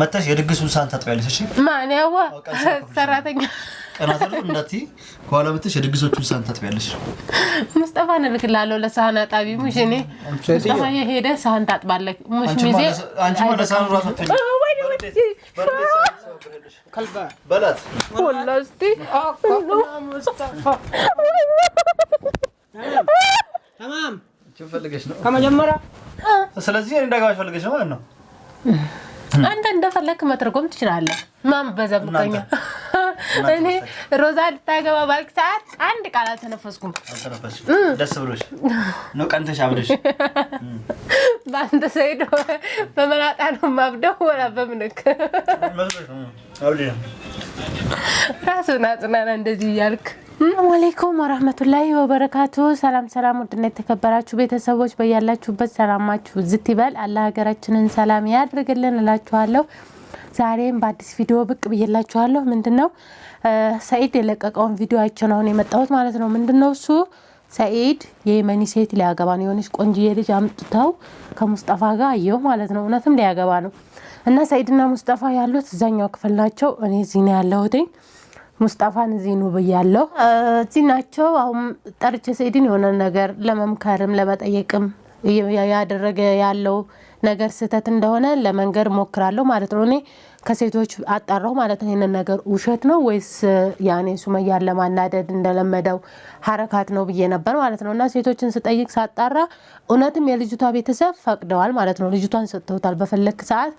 መተሽ የድግሱን ሳህን ታጥቢያለሽ። እሺ ማን ያዋ ሰራተኛ ቀናዘሩ እንዳቲ ከኋላ መተሽ የድግሶቹን ሳህን ታጥቢያለሽ። ሙስጠፋ እልክልሃለሁ ለሳህን አጣቢ ሙሽ። እኔ ሙስጠፋ የሄደ ሳህን ታጥባለህ ሙሽ ሚዜ አንቺ ወደ ሳህኑ ራሱ በላት ወላስቲ ተማም ከመጀመሪያ ስለዚህ እንዳጋባሽ ፈልገሽ ነው ማለት ነው አንተ እንደፈለክ መተርጎም ትችላለህ። ማን በዘብቀኛ እኔ ሮዛ ልታገባ ባልክ ሰዓት አንድ ቃል አልተነፈስኩም። ደስ ብሎሽ ነው ቀንተሽ አብደሽ በአንተ ሰይዶ በመላጣ ነው ማብደው ወላ በምንክ ራሱን አጽናና እንደዚህ እያልክ ሰላም አለይኩም ወራህመቱላሂ ወበረካቱ። ሰላም ሰላም፣ ውድና የተከበራችሁ ቤተሰቦች በያላችሁበት ሰላማችሁ ዝት ይበል። አላህ ሀገራችንን ሰላም ያድርግልን እላችኋለሁ። ዛሬም በአዲስ ቪዲዮ ብቅ ብዬላችኋለሁ። ምንድን ነው ሰኢድ የለቀቀውን ቪዲዮ አይቼ ነው አሁን የመጣሁት ማለት ነው። ምንድን ነው እሱ ሰኢድ የየመኒ ሴት ሊያገባ ነው፣ የሆነች ቆንጅዬ ልጅ አምጥተው ከሙስጠፋ ጋር አየው ማለት ነው። እውነትም ሊያገባ ነው እና ሰኢድና ሙስጠፋ ያሉት እዛኛው ክፍል ናቸው። እኔ እዚህ ነው ያለሁትኝ ሙስጣፋን እዚህ ኑ ብያለሁ። እዚህ ናቸው። አሁን ጠርቼ ሰኢድን የሆነ ነገር ለመምከርም ለመጠየቅም ያደረገ ያለው ነገር ስህተት እንደሆነ ለመንገር ሞክራለሁ ማለት ነው። እኔ ከሴቶች አጣራሁ ማለት ነው። ይህንን ነገር ውሸት ነው ወይስ ያኔ ሱመያን ለማናደድ እንደለመደው ሀረካት ነው ብዬ ነበር ማለት ነው። እና ሴቶችን ስጠይቅ ሳጣራ እውነትም የልጅቷ ቤተሰብ ፈቅደዋል ማለት ነው። ልጅቷን ሰጥተውታል። በፈለክ ሰዓት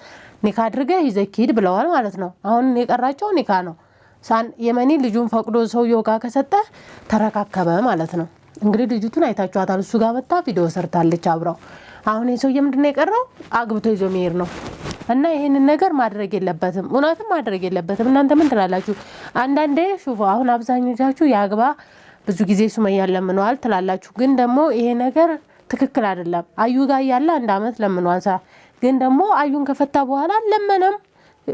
ኒካ አድርገ ይዘኪሂድ ብለዋል ማለት ነው። አሁን የቀራቸው ኒካ ነው። ሳን የመኒ ልጁን ፈቅዶ ሰውየው ጋር ከሰጠ ተረካከበ ማለት ነው። እንግዲህ ልጅቱን አይታችኋታል። እሱ ጋር መታ ቪዲዮ ሰርታለች አብረው። አሁን የሰውዬ ምንድነው የቀረው አግብቶ ይዞ መሄድ ነው። እና ይህንን ነገር ማድረግ የለበትም እውነትም ማድረግ የለበትም። እናንተ ምን ትላላችሁ? አንዳንዴ ሹፎ አሁን አብዛኞቻችሁ የአግባ ብዙ ጊዜ ሱመያ ለምነዋል ትላላችሁ፣ ግን ደግሞ ይሄ ነገር ትክክል አይደለም። አዩ ጋር ያለ አንድ አመት ለምኗል፣ ግን ደግሞ አዩን ከፈታ በኋላ ለመነም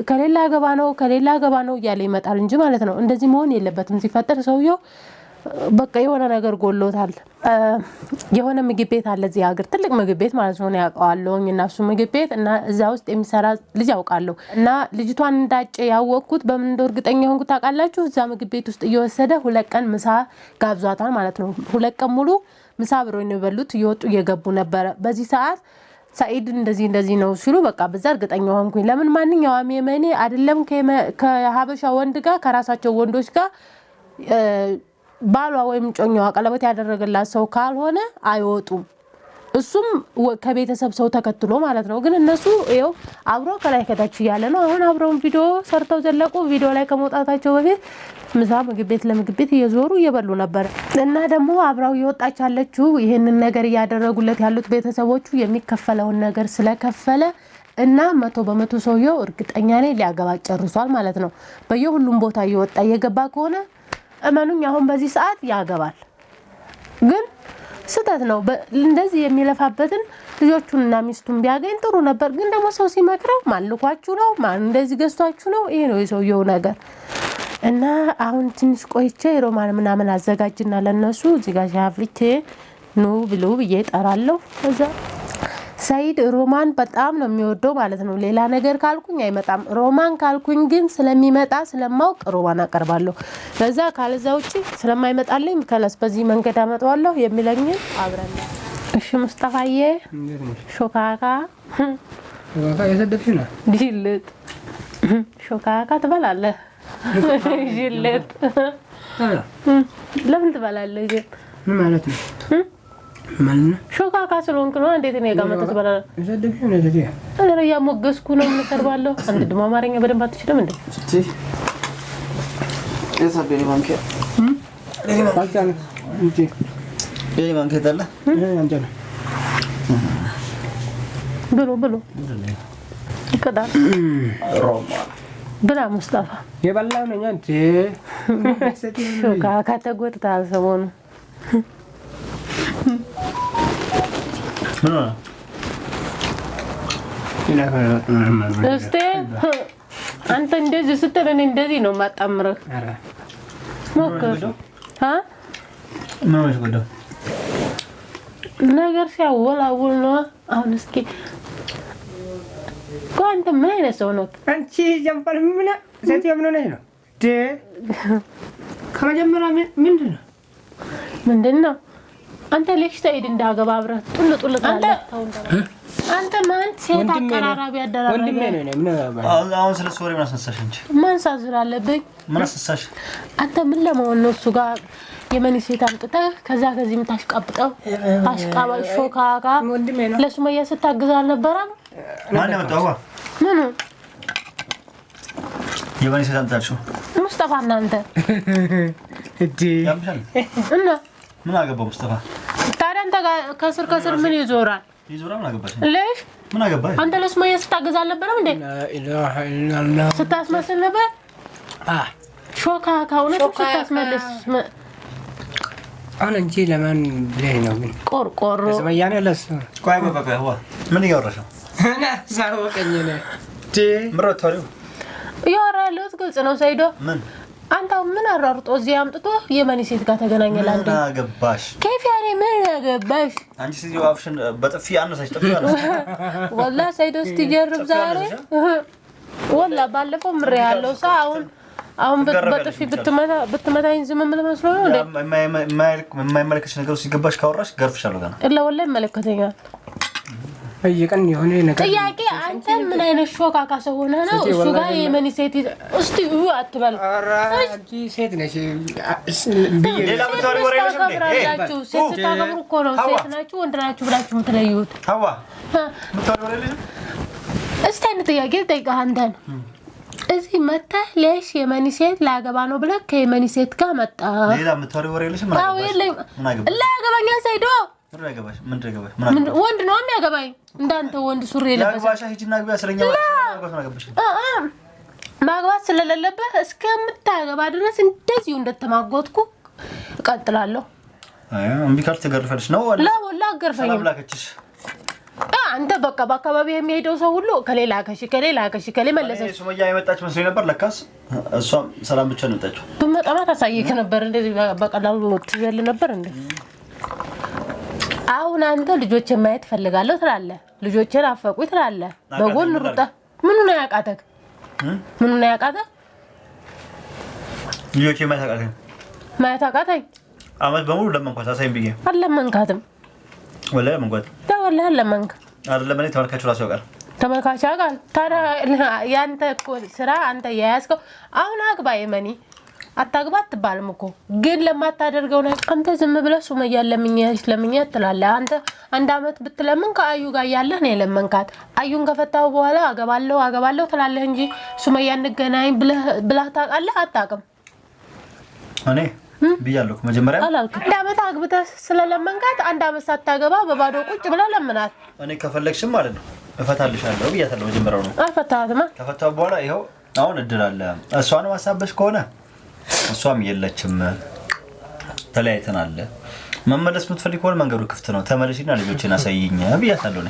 ከሌላ አገባ ነው ከሌላ አገባ ነው እያለ ይመጣል እንጂ ማለት ነው። እንደዚህ መሆን የለበትም። ሲፈጠር ሰውየው በቃ የሆነ ነገር ጎሎታል። የሆነ ምግብ ቤት አለ እዚህ ሀገር ትልቅ ምግብ ቤት ማለት ነው ያውቀዋለውኝ እናሱ ምግብ ቤት እና እዛ ውስጥ የሚሰራ ልጅ ያውቃለሁ እና ልጅቷን እንዳጨ ያወቅኩት በምን እንደ እርግጠኛ የሆንኩ ታውቃላችሁ? እዛ ምግብ ቤት ውስጥ እየወሰደ ሁለት ቀን ምሳ ጋብዟታል ማለት ነው። ሁለት ቀን ሙሉ ምሳ አብረው ነው የበሉት፣ እየወጡ እየገቡ ነበረ በዚህ ሰዓት ሰኢድን እንደዚህ እንደዚህ ነው ሲሉ በቃ በዛ እርግጠኛ ሆንኩኝ። ለምን ማንኛውም የመኔ አይደለም ከሀበሻ ወንድ ጋር ከራሳቸው ወንዶች ጋር ባሏ ወይም ጮኛዋ ቀለበት ያደረገላት ሰው ካልሆነ አይወጡም። እሱም ከቤተሰብ ሰው ተከትሎ ማለት ነው። ግን እነሱ ይኸው አብሮ ከላይ ከታች እያለ ነው። አሁን አብረውን ቪዲዮ ሰርተው ዘለቁ። ቪዲዮ ላይ ከመውጣታቸው በፊት ምሳ ምግብ ቤት ለምግብ ቤት እየዞሩ እየበሉ ነበር እና ደግሞ አብራው እየወጣች ያለችው ይህንን ነገር እያደረጉለት ያሉት ቤተሰቦቹ የሚከፈለውን ነገር ስለከፈለ እና መቶ በመቶ ሰውየው እርግጠኛ ነኝ ሊያገባ ጨርሷል ማለት ነው። በየሁሉም ቦታ እየወጣ እየገባ ከሆነ እመኑኝ አሁን በዚህ ሰዓት ያገባል ግን ስህተት ነው። እንደዚህ የሚለፋበትን ልጆቹንና ሚስቱን ቢያገኝ ጥሩ ነበር። ግን ደግሞ ሰው ሲመክረው ማልኳችሁ ነው ማን እንደዚህ ገዝቷችሁ ነው ይሄ ነው የሰውየው ነገር እና አሁን ትንሽ ቆይቼ የሮማን ምናምን አዘጋጅና ለነሱ እዚጋ ሻፍልቼ ኑ ብሎ ብዬ ጠራለሁ እዛ ሰይድ ሮማን በጣም ነው የሚወደው ማለት ነው። ሌላ ነገር ካልኩኝ አይመጣም። ሮማን ካልኩኝ ግን ስለሚመጣ ስለማውቅ ሮማን አቀርባለሁ። በዛ ካለዛ ውጭ ስለማይመጣልኝ ከለስ በዚህ መንገድ አመጣዋለሁ የሚለኝን አብረን እሺ። ሙስጠፋዬ ሾካካ ጅልጥ ሾካካ ትበላለህ። ጅልጥ ለምን ትበላለህ? ምን ማለት ነው? ሾካካ ስለሆንክ ነው። እንዴት ነው የጋመጠ ትበላለህ? እኔ እያሞገስኩ ነው የምሰርባለሁ። አንድ ድሞ አማርኛ በደንብ አትችልም እንዴ? ብሎ ብሎ ይቀጣል። ብላ ሙስጣፋ የበላው ነኛ ተጎድተሃል ሰሞኑን እስቴ አንተ እንደዚህ ስትል እኔ እንደዚህ ነው የማጣምረው? ሞክር ነገር ሲያወላውል ነው። አሁን እስኪ እኮ አንተ ምን አይነት ሰው ነው? አንቺ ጀምበር ምን ሴትዮ ምን ሆነሽ ነው? ከመጀመሪያ ምንድን ነው ምንድን ነው አንተ ለሽታ ሄድ እንዳገባ አብረህ ጡል ጡል አንተ ማን ሴት አቀራራቢ ያደረገ ነው። አሁን ስለ ሶሪ ምን አስነሳሽ እንጂ ምን አንተ? ምን ለመሆን ነው እሱ ጋር የመኒ ሴት አምጥተህ ከዛ ከዚህ የምታሽቃብጠው አሽቃባጭ ሾካካ ለሱመያ ስታግዝ አልነበረም? ማን ያመጣው ምኑ የመኒ ሴት አምጥታችሁ ሙስጠፋ እናንተ እና ምን አገባው ሙስጠፋ ከስር ከስር ምን ይዞራል? ልሽ አንተ ለሱማያ ስታገዝ አልነበረም እንዴ? ስታስመስል ነበር። ሾካ ስታስመልስ አሁን እንጂ ለማን ብለህ ነው? ግን ቆርቆሮ ለሱማያ ነው ለሱ። ቆይ ምን እያወራሽ ነው? ሳወቀኝ ነው ያወራለሁት። ግልጽ ነው ሰይዶ ምን አንተ ምን አራርጦ እዚህ አምጥቶ የመኒ ሴት ጋር ተገናኘ? ላንዴ ምን አገባሽ? ኬፍ ያኔ ምን አገባሽ አንቺ? ሲዚ አፍሽን በጥፊ አነሳሽ። ጥፊ አነሳሽ። ወላ ሳይዶስ ትጀርብ ዛሬ ወላ ባለፈው ምሬ ያለው ሰው አሁን አሁን በጥፊ ብትመታኝ ዝም ብል መስሎ ነው እንዴ? የማይመለከትሽ ነገር ሲገባሽ ካወራሽ ገርፍሻለሁ። ገና እላ ወላ ይመለከተኛል በየቀን የሆነ ነገር ጥያቄ። አንተ ምን አይነት ሾካካ ሰው ሆነ ነው እሱ ጋር የመኒ ሴት እስቲ እዩ አትበል። ሴት ነች ብታከብራላችሁ። ሴት ስታከብሩ እኮ ነው ሴት ናችሁ ወንድ ናችሁ ብላችሁ የምትለዩት። እስቲ አይነት ጥያቄ ጠይቀ አንተን እዚህ መጥተህ ሌሽ የመኒ ሴት ላገባ ነው ብለህ ከየመኒ ሴት ጋር መጣ ሌላ ምታሪ ወሬ ልሽ ላገባኛ ሳይዶ ወንድ ነው የሚያገባኝ። እንዳንተ ወንድ ሱሪ ማግባት ስለሌለብህ እስከምታገባ ድረስ እንደዚሁ እንደተማጎትኩ እቀጥላለሁ። እምቢ ካልሽ ትገርፈለሽ ነው። አንተ በቃ በአካባቢ የሚሄደው ሰው ሁሉ ከሌላ ከሺ ከሌላ ከሺ ከሌ መለሰች። ሱመያ የመጣች መስሎኝ ነበር። ለካስ እሷም ሰላም ብቻ ነው የመጣችው። ብመጣማ ታሳየክ ነበር። እንደዚህ በቀላሉ ትዘል ነበር እንዴ? አሁን አንተ ልጆችን ማየት ፈልጋለሁ ትላለህ፣ ልጆችን አፈቁ ትላለህ። በጎን ሩጣ ምኑ ነው ያቃተህ? ምኑ ነው ያቃተህ? ልጆች ማየት አቃተኝ፣ ማየት አቃተኝ። አመት በሙሉ ለመንኳት፣ አሳይም ብዬ አለመንካትም። ወላሂ ለመንኳት፣ ወላሂ አለመንክ አይደለም። እኔ ተመልካቹ ራሱ ያውቃል፣ ተመልካች ያውቃል። ታዲያ ያንተ ስራ አንተ የያዝከው አሁን አግባ የመኒ አታግባ አትባልም እኮ ግን ለማታደርገው ነገር አንተ ዝም ብለህ ሱመያ ለምኛት ለምኛት ትላለህ። አንተ አንድ አመት ብትለምን ከአዩ ጋር ያለህ ነው የለመንካት። አዩን ከፈታው በኋላ አገባለሁ አገባለሁ ትላለህ እንጂ ሱመያ እንገናኝ ብላህ ታውቃለህ? አታውቅም። እኔ ብያለሁ መጀመሪያ አላልክም። አንድ አመት አግብተህ ስለለመንካት አንድ አመት ሳታገባ በባዶ ቁጭ ብለህ ለምናት። እኔ ከፈለግሽም ማለት ነው እፈታልሻለሁ ብያታለሁ። መጀመሪያው ነው አልፈታትም። ከፈታው በኋላ ይኸው አሁን እድል አለ። እሷንም አሳበሽ ከሆነ እሷም የለችም፣ አለ። መመለስ የምትፈልግ ከሆነ መንገዱ ክፍት ነው፣ ተመለሽና ልጆችን አሳይኝ ብያታለሁ። ነ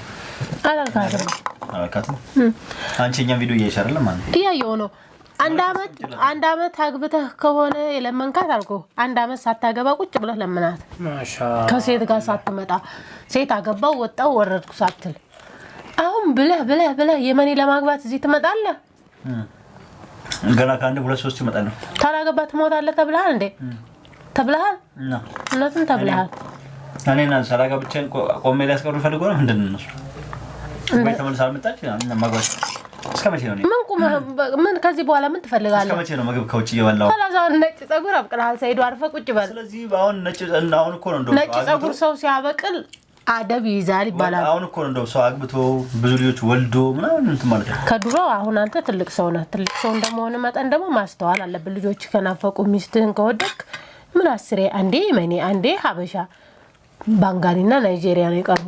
አላልካትም? አንቺ እኛም ቪዲዮ እያየሽ አይደለም ማለት ነው? ነው። አንድ አመት አንድ አመት አግብተህ ከሆነ የለመንካት አልኩህ። አንድ አመት ሳታገባ ቁጭ ብለህ ለምናት፣ ከሴት ጋር ሳትመጣ ሴት አገባው ወጣው ወረድኩ ሳትል አሁን ብለህ ብለህ ብለህ የመኔ ለማግባት እዚህ ትመጣለህ። ገና ከአንድ ሁለት ሶስት ይመጣል ነው። ታላገባ ትሞታለህ ተብለሃል እንዴ? ተብለሃል። እውነትም ተብለሃል። እኔና ሰላጋ ብቻዬን ቆሜ ሊያስቀሩ ፈልጎ ነው። ምንድን ነው ቤት ተመልሳ አልመጣች ማግባት እስከ መቼ ነው? ምን ቁመህ ምን ከዚህ በኋላ ምን ትፈልጋለህ? እስከ መቼ ነው ምግብ ከውጭ እየበላሁ? አሁን ነጭ ጸጉር አብቅልሃል። ሰይዶ አርፈህ ቁጭ በል። ስለዚህ አሁን ነጭ ጸጉር ሰው ሲያበቅል አደብ ይይዛል ይባላል። አሁን እኮ ነው እንደው ሰው አግብቶ ብዙ ልጆች ወልዶ ምናምን እንትን ማለት ነው ከድሮ። አሁን አንተ ትልቅ ሰው ነህ። ትልቅ ሰው እንደመሆን መጠን ደግሞ ማስተዋል አለብን። ልጆች ከናፈቁ ሚስትህን ከወደክ ምን አስሬ አንዴ መኔ አንዴ ሀበሻ ባንጋሊና ናይጄሪያ ነው የቀርቡ።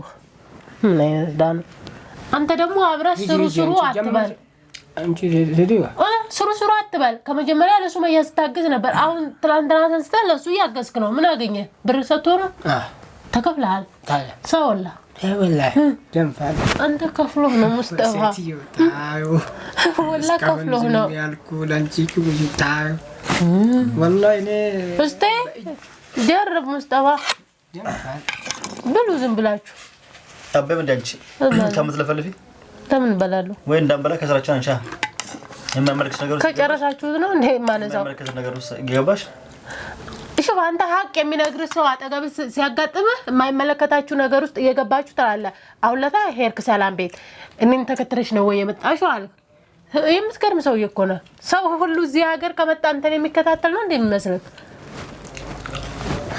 ምን አይነት ዳ ነው አንተ ደግሞ አብረህ ስሩ ስሩ አትበል ስሩ ስሩ አትበል። ከመጀመሪያ ለሱ መያዝ ስታግዝ ነበር። አሁን ትላንትና ተንስተህ ለሱ እያገዝክ ነው። ምን አገኘ ብር ሰጥቶ ነው ተከፍለሃል። ሰውላ አንተ ከፍሎ ነው ሙስጠፋ፣ ወላ ከፍሎህ ነው ውስጤ። ጀርብ ሙስጠፋ ብሉ ዝም ብላችሁ አበብ እንዳንቺ ከምትለፈልፊ ተምን በላለሁ ወይ እንዳንበላ ከስራችን አንሻ የማመልክት ነገር ከጨረሳችሁት ነው እንደ ማነዛው የማመልክት ነገር ውስጥ ገባሽ እሺ አንተ ሀቅ የሚነግር ሰው አጠገብ ሲያጋጥምህ የማይመለከታችሁ ነገር ውስጥ እየገባችሁ ትላለ። አሁን ለታ ሄድክ ሰላም ቤት እኔን ተከትለሽ ነው ወይ የመጣሽው አልክ። የምትገርም ሰው እኮ ነው። ሰው ሁሉ እዚህ ሀገር ከመጣ እንትን የሚከታተል ነው እንደ የሚመስልህ።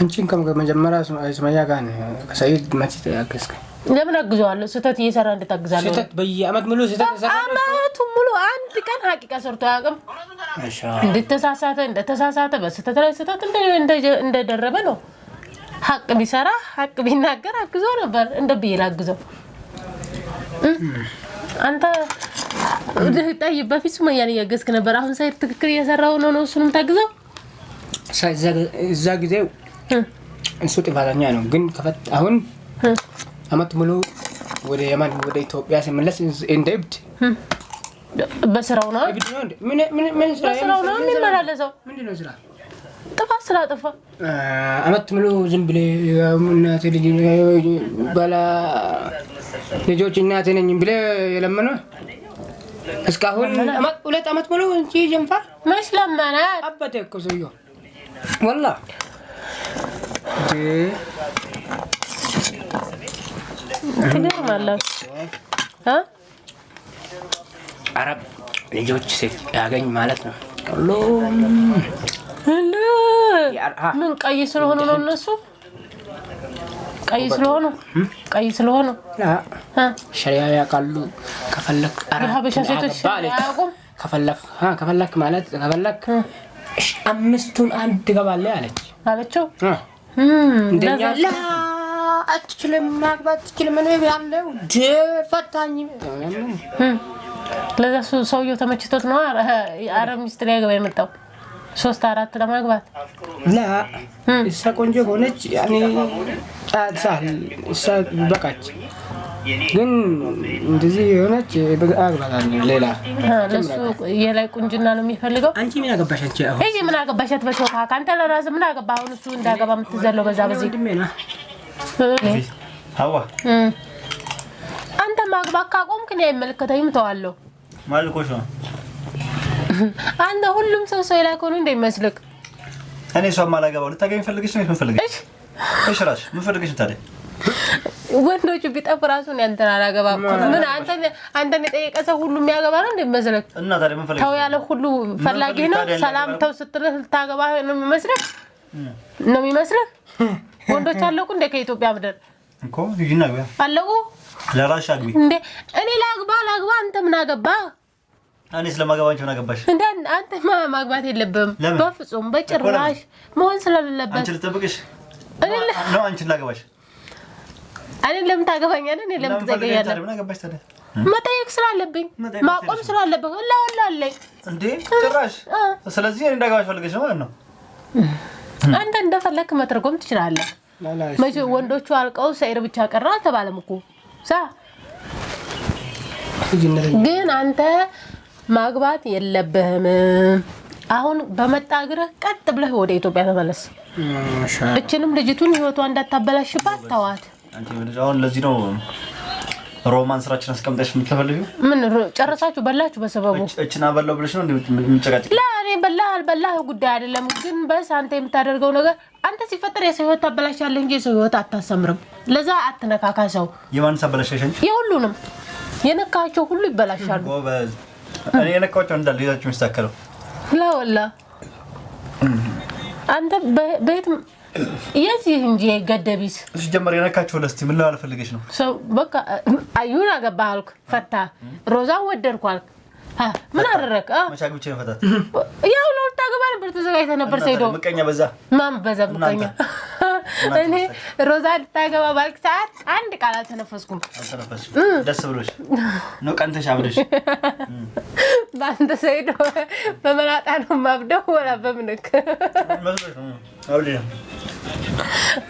አንቺን ከመጀመሪያ ስማያ ጋር ከሰኢድ መቼ ያገዝከኝ ለምን አግዘዋለሁ? ስህተት እየሰራ እንድታግዛለሁ። ስህተት በየአመት ሙሉ አመቱ ሙሉ አንድ ቀን ሀቂቃ ሰርቶ አያውቅም። እንድተሳሳተ እንደተሳሳተ በስህተት ላይ ስህተት እንደደረበ ነው። ሀቅ ቢሰራ ሀቅ ቢናገር አግዞ ነበር። እንደ ብዬ ላግዘው አንተ ጠይ በፊት ሱመያን እያገዝክ ነበር። አሁን ሳይት ትክክል እየሰራው ነው ነው እሱንም ታግዘው። እዛ ጊዜ እሱ ጥፋተኛ ነው ግን አሁን አመት ሙሉ ወደ የመን ወደ ኢትዮጵያ ሲመለስ እንደ እብድ በስራው ነው በስራው ነው የሚመላለሰው። ምንድነው ስራ ጥፋት ስላጠፋ አመት ሙሉ ዝም ብለህ እናቴ ልጅ ባላ ልጆች እናቴ ነኝ ብለህ የለመነው እስካሁን ሁለት አመት ሙሉ እንጂ ጀንፋር መች ለመናት? አበደ እኮ ሰውዬው ወላሂ ትገርማላችሁ። አረብ ልጆች ያገኝ ማለት ነው። ምን ቀይ ስለሆኑ ነው እነሱ ቀይ ስለሆኑ ቀይ ስለሆኑ ሸሪያ ያውቃሉ። ከፈለክ ከፈለክ ማለት ከፈለክ አምስቱን አንድ ገባለ አለች አለችው እንደኛ አትችልም፣ ማግባት አትችልም። እኔ ያለው ፈታኝ። ለዛ ሰውየው ተመችቶት ነው አረብ ሚስት ላይ የመጣው ሶስት አራት ለማግባት ላ እሳ ቆንጆ ሆነች። ያኔ ጣሳል እሳ በቃች። ግን እንደዚህ የሆነች አግባታል። ሌላ ለሱ የላይ ቁንጅና ነው የሚፈልገው። አንቺ ምን አገባሽ? አንቺ ምን አገባሽ? አትበሽው ካንተ ለራስ ምን አገባ? አሁን እሱ እንዳገባ የምትዘለው በዛ በዚህ ሀዋ አንተ ማግባት ካቆምክ እኔ አይመለከተኝም ተዋለሁ። ማልኮሽ ነው አንተ ሁሉም ሰው ሰው ላይ ከሆኑ እንደሚመስልክ እኔ እሷ ማላገባው ልታገኝ ፈልገሽ ነው የምፈልገሽ። እሺ እራስሽ ምን ፈልገሽ ታዲያ? ወንዶቹ ቢጠፉ ራሱ ያንተን አላገባም። ምን አንተ አንተን የጠየቀ ሰው ሁሉ የሚያገባ ነው እንደሚመስልክ እና ታዲያ ምን ፈልገሽ? ተው ያለ ሁሉ ፈላጊ ነው። ሰላም ተው ስትልህ ልታገባ ነው የሚመስልክ ነው የሚመስልህ? ወንዶች አለቁ እንደ ከኢትዮጵያ ምድር አለቁ። ለራሽ አግቢ እንዴ? እኔ ላግባ ላግባ፣ አንተ ምን አገባ? እኔ ስለማገባ አንቺ ምን አገባሽ? እንደ አንተ ማግባት የለብህም በፍጹም በጭራሽ መሆን ስለሌለበት አንቺ ልጠብቅሽ ነው አንቺን ላገባሽ እኔ ለምን ታገባኛለህ? እኔ ለምን ትዘገያለህ? መጠየቅ ስላለብኝ ማቆም ስላለብህ እላ እንዴ ጭራሽ። ስለዚህ እንዳገባሽ ፈልገሽ ነው ማለት ነው። አንተ እንደፈለክ መተርጎም ትችላለህ። መቼ ወንዶቹ አልቀው ሰኢድ ብቻ ቀረ አልተባለም እኮ ሳ ግን አንተ ማግባት የለብህም። አሁን በመጣ እግርህ ቀጥ ብለህ ወደ ኢትዮጵያ ተመለስ። እችንም ልጅቱን ህይወቷ እንዳታበላሽባት ተዋት። ሮማን ስራችን አስቀምጠሽ የምትፈልጊው ምን? ጨረሳችሁ? በላችሁ? በሰበቡ እችና በላው ብለሽ ነው የምጨቃጭ? ለእኔ በላህ አልበላህ ጉዳይ አይደለም። ግን በስ አንተ የምታደርገው ነገር አንተ ሲፈጠር የሰው ህይወት ታበላሻለህ እንጂ የሰው ህይወት አታሰምርም። ለዛ አትነካካ። ሰው የማንስ አበላሻሸን? የሁሉንም የነካቸው ሁሉ ይበላሻሉ። እኔ የነካቸው እንዳለ ይዛችሁ የሚስተካከለው ላወላ አንተ በየትም የዚህ እንጂ ገደቢስ ጀመር የነካቸው ለስቲ ምን ለማለት ፈልገሽ ነው? በቃ አዩን አገባህ ፈታ ሮዛ ወደድኳል አልክ። ምን አደረክ? መቻግብቼ ፈታት። ያው ለሁለት አገባ ነበር ተዘጋጅተህ ነበር። ሰይዶ ምቀኛ በዛ ማን በዛ ምቀኛ እኔ ሮዛ እንድታገባ ባልክ ሰዓት አንድ ቃል አልተነፈስኩም። ደስ ብሎሽ ነው ቀንተሽ አብደሽ በአንተ ሰይዶ በመላጣ ነው ማብደው ወላ በምንክ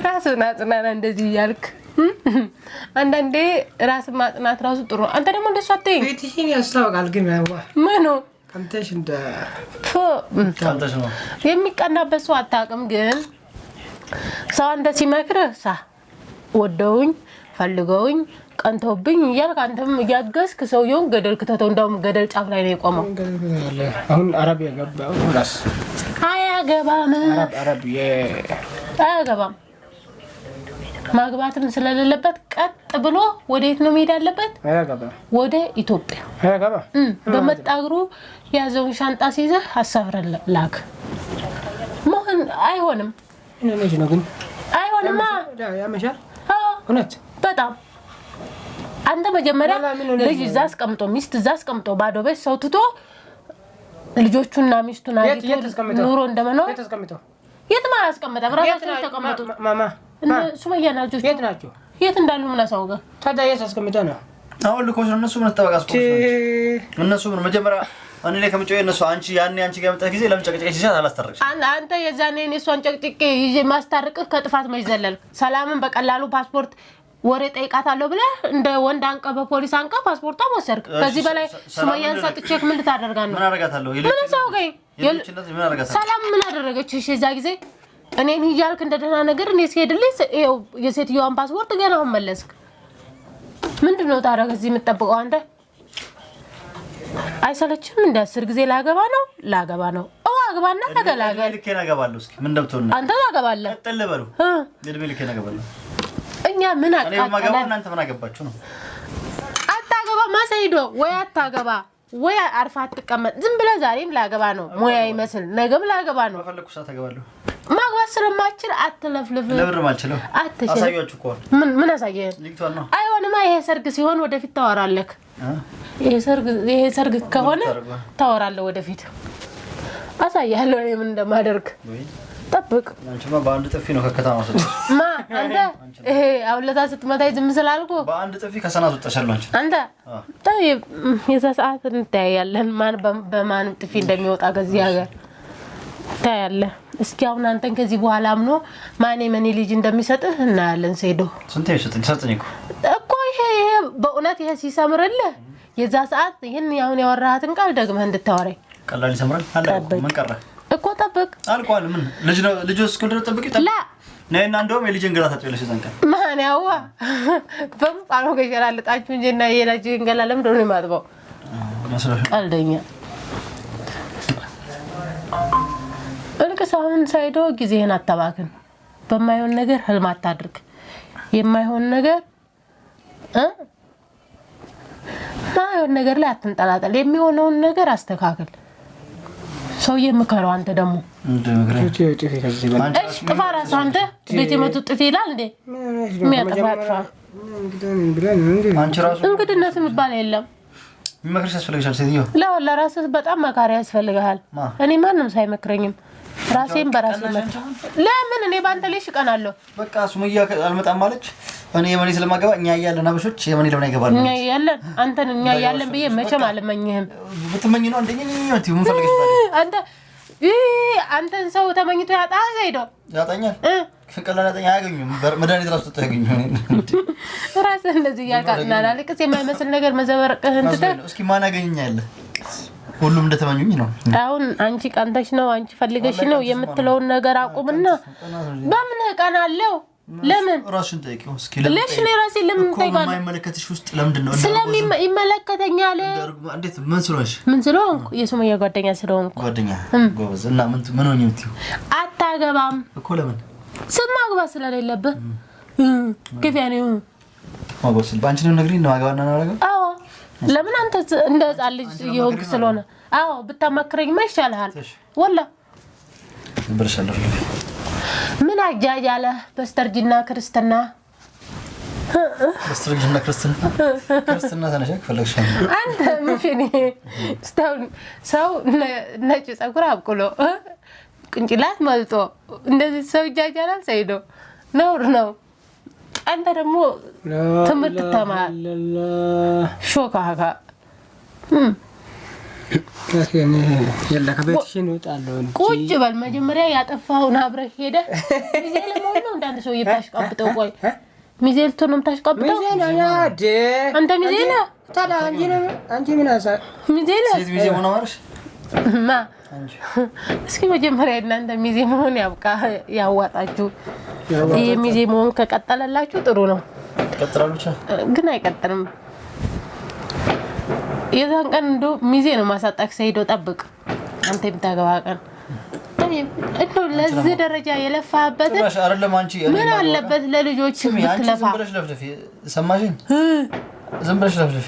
ራሱን አጽናና እንደዚህ እያልክ አንዳንዴ ራስን ማጽናት ራሱ ጥሩ። አንተ ደግሞ እንደሱ አትይኝ። ቤትሽን ያስታውቃል ግን ምኑ ቀንተሽ እንደ የሚቀናበት ሰው አታውቅም ግን ሰው አንተ ሲመክር ሳ ወደውኝ ፈልገውኝ ቀንተውብኝ እያልክ አንተም እያገዝክ ሰውየውን ገደል ክተተው። እንደውም ገደል ጫፍ ላይ ነው የቆመው። አሁን አረብ ያገባው አያገባም አያገባም ማግባትም ስለሌለበት ቀጥ ብሎ የት ነው መሄድ ያለበት? ወደ ኢትዮጵያ። በመጣ እግሩ የያዘውን ሻንጣ ሲይዘህ አሳፍረህ ላክ። መሆን አይሆንም መች ነው ግን? አይሆንማ ያመሻል። እውነት በጣም አንተ መጀመሪያ ልጅ እዛ አስቀምጦ ሚስት እዛ አስቀምጦ ባዶ ቤት ሰው ትቶ ልጆቹና ሚስቱን ኑሮ እንደመኖር የትም አላስቀመጠም። ራሳቸው ተቀመጡ። ሱመያ ናቸው። የት ናቸው? የት እንዳሉ ምን አሳውቀ። ታዲያ የት አስቀምጠ ነው አሁን ልኮች ነው እነሱ ምን ጠበቃ እነሱ ምን መጀመሪያ እኔ ላይ ከምጮ የነሱ አንቺ ያኔ አንቺ ጋር መጣ ጊዜ ለምን ጨቅጨቀሽ? ይችላል አላስታርቅሽ። አንተ የዛኔ እኔ እሷን ጨቅጭቄ ይዤ ማስታርቅህ ከጥፋት መች ዘለልክ? ሰላምን በቀላሉ ፓስፖርት ወሬ ጠይቃታለሁ ብለህ እንደ ወንድ አንቀ በፖሊስ አንቀ ፓስፖርቷን ወሰድክ። ከዚህ በላይ ሱመያን ሰጥቼክ ምን ልታደርጋ ነው? ምን አደርጋታለሁ? ምን ሰው ሰላም ምን አደረገች? እሺ የዛ ጊዜ እኔን እያልክ እንደ ደህና ነገር እኔ ሲሄድልኝ የሴትዮዋን ፓስፖርት ገና አሁን መለስክ። ምንድን ነው ታዲያ ከዚህ የምትጠብቀው አንተ? አይሰለችም? እንደ አስር ጊዜ ላገባ ነው ላገባ ነው አግባና ተገላገል። አንተ ታገባለህ። እኛ ምን አታገባ ማሰይዶ ወይ አታገባ ወይ አርፋ አትቀመጥ። ዝም ብለህ ዛሬም ላገባ ነው ሙያ ይመስል ነገም ላገባ ነው። ማግባት ስለማችል አትለፍልፍ። ለብርም አልችልም። አሳያችሁ እኮ ምን ምን አሳየህ? አይሆንማ። ይሄ ሰርግ ሲሆን ወደፊት ታወራለህ። ይሄ ሰርግ ከሆነ ታወራለህ ወደፊት። አሳያለሁ እኔ ምን እንደማደርግ ጠብቅ። አንቺማ በአንድ ጥፊ ነው ከከተማ ማ አንተ ይሄ አውለታ ስትመታኝ ዝም ስላልኩ በአንድ ጥፊ ከሰናት ወጣሻለሁ። አንተ የዛ ሰዓት እንተያያለን፣ ማን በማን ጥፊ እንደሚወጣ ከዚህ ሀገር ታያለህ። እስኪ አሁን አንተን ከዚህ በኋላ አምኖ ማን የመኔ ልጅ እንደሚሰጥህ እናያለን። ሴዶ እኮ ይሄ ይሄ በእውነት ይሄ ሲሰምርልህ የዛ ሰዓት ይህን አሁን ያወራሃትን ቃል ደግመህ እንድታወራኝ። ቀላል ይሰምራል እኮ ጠብቅ። አልቋል። ምን ልጅ እስኩል ድረስ ጠብቅ። እንደውም ማን ያዋ በምጣ ገሸላለጣችሁ እንጂ እና የልጅን ለምንድን ነው የማጥበው? ቀልደኛ አልቅስ አሁን ሳይዶ ጊዜህን አታባክን። በማይሆን ነገር ህልም አታድርግ። የማይሆን ነገር ማይሆን ነገር ላይ አትንጠላጠል። የሚሆነውን ነገር አስተካክል። ሰውዬ ምከረው። አንተ ደግሞ ጥፋ ራሱ አንተ ቤት የመጡ ጥፊ ይላል እንዴ? የሚያጠፋ ጥፋ። እንግድነት የሚባል የለም። መክረሽ ያስፈልግሻል ሴትዮ። ለራስህ በጣም መካሪ ያስፈልግሃል። እኔ ማንም ሳይመክረኝም ራሴን በራሴ ለምን እኔ በአንተ ላይ ሽቀናለሁ? በቃ ሱመያ አልመጣም ማለች። እኔ የመኔ ስለማገባ እኛ እያለን አበሾች የመኔ ለምን አይገባል? እኛ እያለን አንተን እኛ እያለን ብዬ መቼም አልመኝህም። ብትመኝ ነው አንደኛ አንተ አንተን ሰው ተመኝቶ ያጣ ዘይዶ ያጣኛል። ፍቅላ ያጠኝ አያገኙም። መድኃኒት ራሱ ጠጣ ያገኙ ራስ እንደዚህ እያቃጥናል አልቅስ የማይመስል ነገር መዘበርቅህን ትተህ እስኪ ማን ያገኘኛል ሁሉም እንደተመኙኝ ነው። አሁን አንቺ ቀንተሽ ነው አንቺ ፈልገሽ ነው የምትለውን ነገር አቁምና፣ በምን ቀን አለው? ለምን ራስሽን ጠይቂው እስኪ። ራሴ ለምን ጠይቃለሁ? የማይመለከትሽ ውስጥ ለምንድን ነው? ይመለከተኛል። እንዴት? ምን ስለሆንሽ? ምን ስለሆንኩ? የሱመያ ጓደኛ ስለሆንኩ። ጓደኛ ጎበዝ። እና ምን ምን ሆኝ የምትይው? አታገባም እኮ ለምን? ስለሌለብህ ግፊያ ነው። ማግባት በአንቺ ነው ነው አገባና ነው አረጋ ለምን አንተ እንደ ህፃን ልጅ የሆንክ ስለሆነ፣ አዎ ብታማክረኝማ ይሻልሃል። ወላ ምን አጃጃለ በስተርጅና ክርስትና ስትርጅና ክርስትና ተነሻ ተነሽ ከፈለግሽ አንተ ምሽን ስታሁን ሰው ነጭ ፀጉር አብቅሎ ቅንጭላት መልጦ እንደዚህ ሰው ይጃጃላል። ሰይዶ ነውር ነው። አንተ ደግሞ ትምህርት ተማር። ሾካካ ቁጭ በል። መጀመሪያ ያጠፋውን አብረህ ሄደህ ሚዜል መሆን ነው። እንዳንድ ሰው የምታሽቃብጠው ቆይ፣ ሚዜል ነው የምታሽቃብጠው አንተ ሚዜ ነህ። ሚዜ ነህ ማ እስኪ መጀመሪያ እናንተ ሚዜ መሆን ያብቃ፣ ያዋጣችሁ። ይህ ሚዜ መሆን ከቀጠለላችሁ ጥሩ ነው፣ ግን አይቀጥልም። የዛን ቀን እንዶ ሚዜ ነው ማሳጣክ ሰሄዶ ጠብቅ፣ አንተ የምታገባ ቀን እንደው ለዚህ ደረጃ የለፋበትን ምን አለበት ለልጆች ብትለፋ። ሰማሽን ዝም ብለሽ ለፍልፊ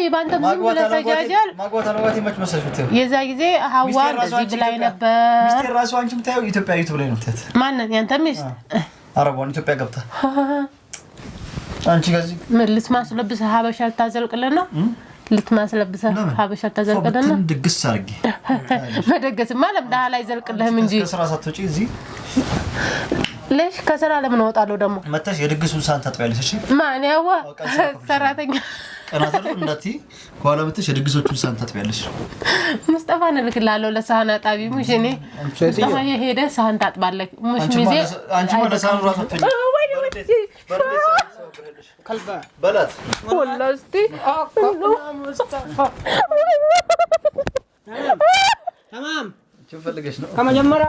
ይ በአንተም ዝም ብለህ ተጃጃል። ማግባት አልባት ይመች መሰለሽ ብትይው የዛ ጊዜ ሀዋ እንደዚህ ብላኝ ነበር። ሚስቴር ራሱ አንቺ የምታየው ኢትዮጵያዊት ብላኝ ነው የምትያት። ማንን? ያንተ ሚስት አረቧን ኢትዮጵያ ገብታ አንቺ ከዚህ ምን ልትማስለብሰህ ሀበሻ ልታዘልቅልን ነው? ልትማስለብሰህ ሀበሻ ልታዘልቅልን ነው? ድግስ አድርጌ መደገስማ ለምዳህ ላይ ዘልቅልህም እንጂ ከስራ ሳትወጪ እዚህ ልሽ ከስራ ለምን እወጣለሁ? ደግሞ መተሽ የድግሱን ሳህን ታጥቢያለሽ። እሺ ማን ያዋ ሰራተኛ ቀናተሩ እንዳቲ ከኋላ መተሽ የድግሶቹን ሳህን ታጥቢያለሽ። ሙስጠፋ እልክልሃለሁ ለሳህን አጣቢ ሙሽ። እኔ ሙስጠፋ የሄደ ሳህን ታጥባለህ ሙሽ ሚዜ አንቺ ማለት ሳህን ራሱ በላት ወላ እስቲ ተማም ከመጀመሪያ